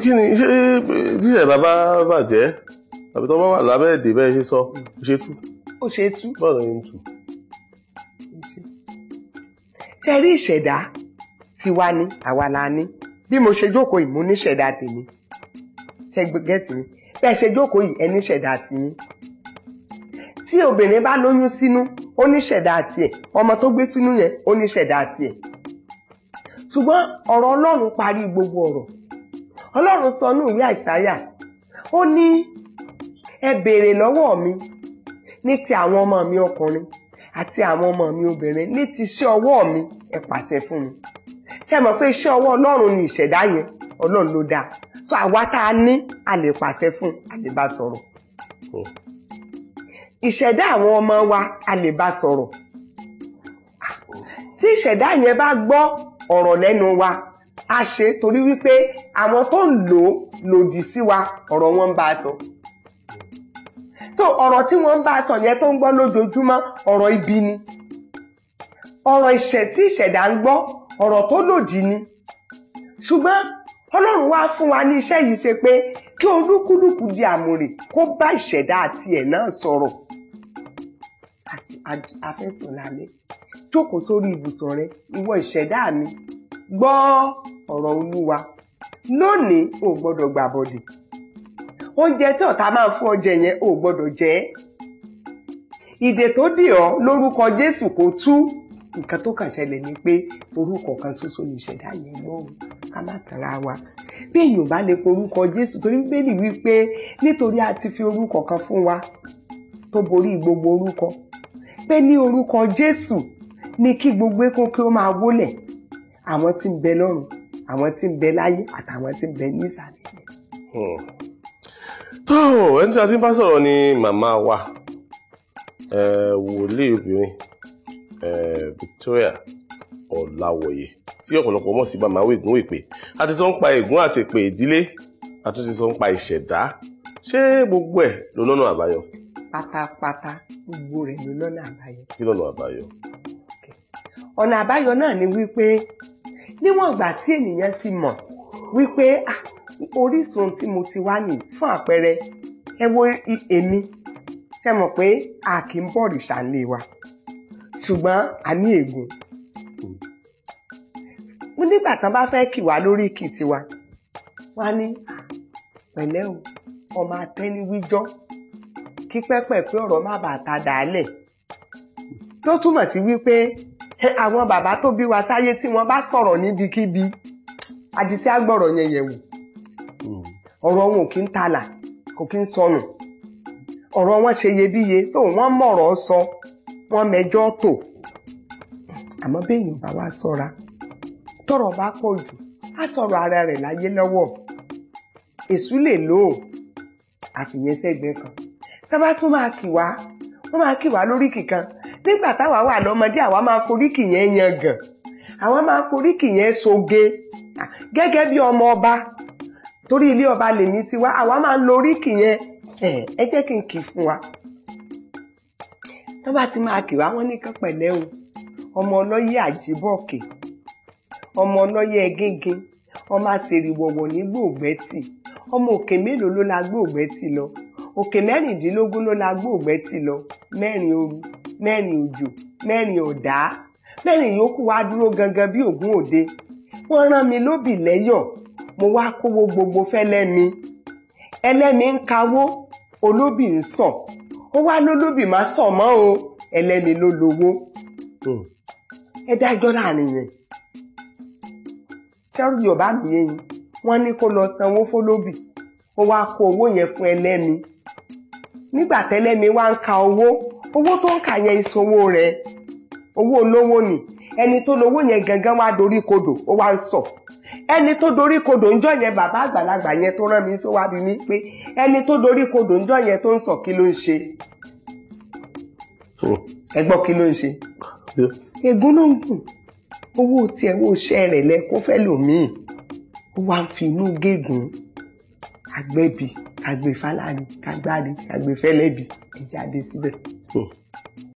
kí ni ṣé díẹ̀ bàbá bàjẹ́ àbí tó bá wà lábẹ́ èdè bẹ́ẹ̀ ṣe sọ ó ṣe tú. ó ṣe tú. bọ́ọ̀lù ni tú. ṣe rí ìṣẹ̀dá tiwa ni àwa la ní bí mo ṣe jókòó yìí mo ní ìṣẹ̀dá tèmi ṣe gẹ́tì mi bẹ́ẹ̀ ṣe jókòó yìí ẹni ìṣẹ̀dá tiyín tí obìnrin bá lóyún sínú ó ní ìṣẹ̀dá tiẹ̀ ọmọ tó gbé sínú yẹn ó ní ìṣẹ̀dá tiẹ̀ ṣùgbọ́n ọ̀rọ̀ Ọlọ́run parí gbogbo ọ̀rọ̀ ọlọ́run sọ ní ìwé àìsáyà ó ní ẹ béèrè lọ́wọ́ mi ní ti àwọn ọmọ mi ọkùnrin àti àwọn ọmọ mi obìnrin ní ti iṣẹ́ ọwọ́ mi ẹ pàṣẹ fún mi ṣe mọ̀ pé iṣẹ́ ọwọ́ ọlọ́run ni ìṣẹ̀dá yẹn ọlọ́run ló dáa so àwa tá a ní a lè pàṣẹ fún a lè bá sọ̀rọ̀ ìṣẹ̀dá àwọn ọmọ wa a lè bá sọ̀rọ̀ tí ìṣẹ̀dá yẹn bá gbọ́ ọ̀rọ̀ lẹ́nu wa a ṣe torí wípé àwọn tó ń lò ó lòdì sí wa ọ̀rọ̀ wọn ń bá a sọ so ọ̀rọ̀ tí wọ́n ń bá a sọ yẹn tó ń gbọ́ lójoojúmọ́ ọ̀rọ̀ ibi ni ọ̀rọ̀ ìṣẹ̀ tí ìṣẹ̀dá ń gbọ́ ọ̀rọ̀ tó lòdì ni ṣùgbọ́n ọlọ́run wá fún wa ní iṣẹ́ yìí ṣe pé kí olúkúlùkù di àmùrè kó bá ìṣẹ̀dá àti ẹ̀ náà sọ̀rọ̀ afẹ́sọ̀lálẹ́ jókòó sórí ibùsùn rẹ ìwọ ìṣẹ̀dá mi gbọ́ ọ̀rọ̀ olúwa lónìí ò gbọ́dọ̀ gbà bọ̀dẹ̀ oúnjẹ tí ọ̀tá máa ń fún ọ yẹn ò gbọ́dọ̀ jẹ ìdè tó dì ọ́ lórúkọ jésù kò tú nǹkan tó kàn ṣẹlẹ̀ ni pé orúkọ kan ṣoṣo ní ìṣẹ̀dá yẹn lọ́rùn ká má tara wa bí èèyàn bá lè pe orúkọ jésù torí bíbélì wípé nítorí a ti fi orúkọ kan fún wa tó borí gbogbo orúkọ pé ní orúkọ jésù ni kí gbogbo ekun kí ó máa wólẹ̀ àwọn tí ń bẹ lọ́run àwọn tí ń bẹ láyé àtàwọn tí ń bẹ nísàlẹ̀. Hmm. tó ẹni tí a ti ń bá sọ̀rọ̀ ni màmá wa wòlíì obìnrin Victoria Ọláwòye tí ọ̀pọ̀lọpọ̀ mọ̀ sí màmá wègún èpè a ti sọ ń pa ègún àti èpè ìdílé a tún ti sọ ń pa ìṣẹ̀dá ṣé gbogbo ẹ̀ ló lọ́nà àbáyọ. pátápátá gbogbo rẹ̀ ló lọ́nà àbáyọ. kí lọ́nà àbáyọ. ọ̀nà àbáyọ náà ni wípé níwọ̀n ìgbà tí ènìyàn ti mọ̀ wípé orísun tí mo ti wá nì fún àpẹẹrẹ ẹ wo èmi ṣe mọ̀ pé a kì í bọ̀rìṣà ń lé wa ṣùgbọ́n a ní ègún nígbà tán bá fẹ́ kì wá lórí kì tiwa wá ní pẹ̀lẹ́ o ọmọ atẹ́niwíjọ́ kí pẹ́pẹ́ pé ọ̀rọ̀ má bàa ta dàálẹ̀ tó túmọ̀ sí wípé àwọn bàbá tó bí wa sáyé tí wọ́n bá sọ̀rọ̀ níbikíbi àdìsí àgbọ̀rọ̀ yẹn yẹ̀ wò ọ̀rọ̀ wọn ò kí ń talà kò kí ń sọnù ọ̀rọ̀ wọn ṣe iyebíye tó wọ́n mọ̀rọ̀ sọ wọ́n mẹjọ́ tò àmọ́ béèyàn bá wá sọ́ra tọrọ bá pọ̀ jù á sọ̀rọ̀ ara rẹ̀ láyé lọ́wọ́ èṣù lè lò ó àfìyẹn sẹ́gbẹ́ kan tá bá tún máa kì wá wọ́n máa kì wá lórí kìkan nígbà táwa wà lọ́mọdé àwa máa foríkì yẹn gàn. àwa máa foríkì yẹn soge gẹ́gẹ́ bí ọmọ ọba torí ilé ọba lèmi ti wá àwa máa ń lo oríkì yẹn ẹ jẹ́ kí n kì í fún wa tọ́ba ti máa kì wá wọ́n nìkan pẹ̀lẹ́ o ọmọ ọlọ́yẹ àjíbọ̀kè ọmọ ọlọ́yẹ gégé ọmọ àṣèrìwọ̀wọ̀ ní gbòògbẹ́tì ọmọ òkè mélòó ló la gbòògbẹ́tì lọ òkè mẹ́rìndínlógún ló la gbòògbẹ́tì lọ mẹ́rin ooru mẹ́rin òjò mẹ́rin ọ̀dá mẹ́rin yòókù wá dúró gangan bí ògún òde wọ́n rán mi lóbì lẹ́yọ̀ mo wá kówó gbogbo fẹ́lẹ́ ẹlẹ́mi ń kawó olóbì ń sọ ó wá lólóbì má sọ mọ́ o ẹlẹ́mi ló lowó hmm. ẹ dájọ́ láàrin yẹn sẹ́rù yorùbá mi yẹn wọ́n ní kó lọ sanwó fólóbì ó wá kó owó yẹn fún ẹlẹ́mi nígbà tẹ́lẹ́mi wá ń ka owó owó tó ń kà yẹn ìsanwó rẹ̀ owó olówó ni ẹni tó lówó yẹn gangan wá dorí kodò ó wá ń sọ ẹni tó dorí kodò ńjọ́ yẹn bàbá àgbàlagbà yẹn tó rán mi sí wá bí mi pé ẹni tó dorí kodò ńjọ́ yẹn tó ń sọ kí ló ń ṣe hmm. ẹ gbọ́ kí ló ń ṣe ègún ló ń gùn owó tí wò ṣẹ́ rẹ̀ lẹ kó fẹ́ lòmíì ó wá ń fi inú gégùn agbẹ́bí agbèfálàní kagbárí agbèfẹ́lẹ́bí ẹ jáde síbẹ̀. Pô,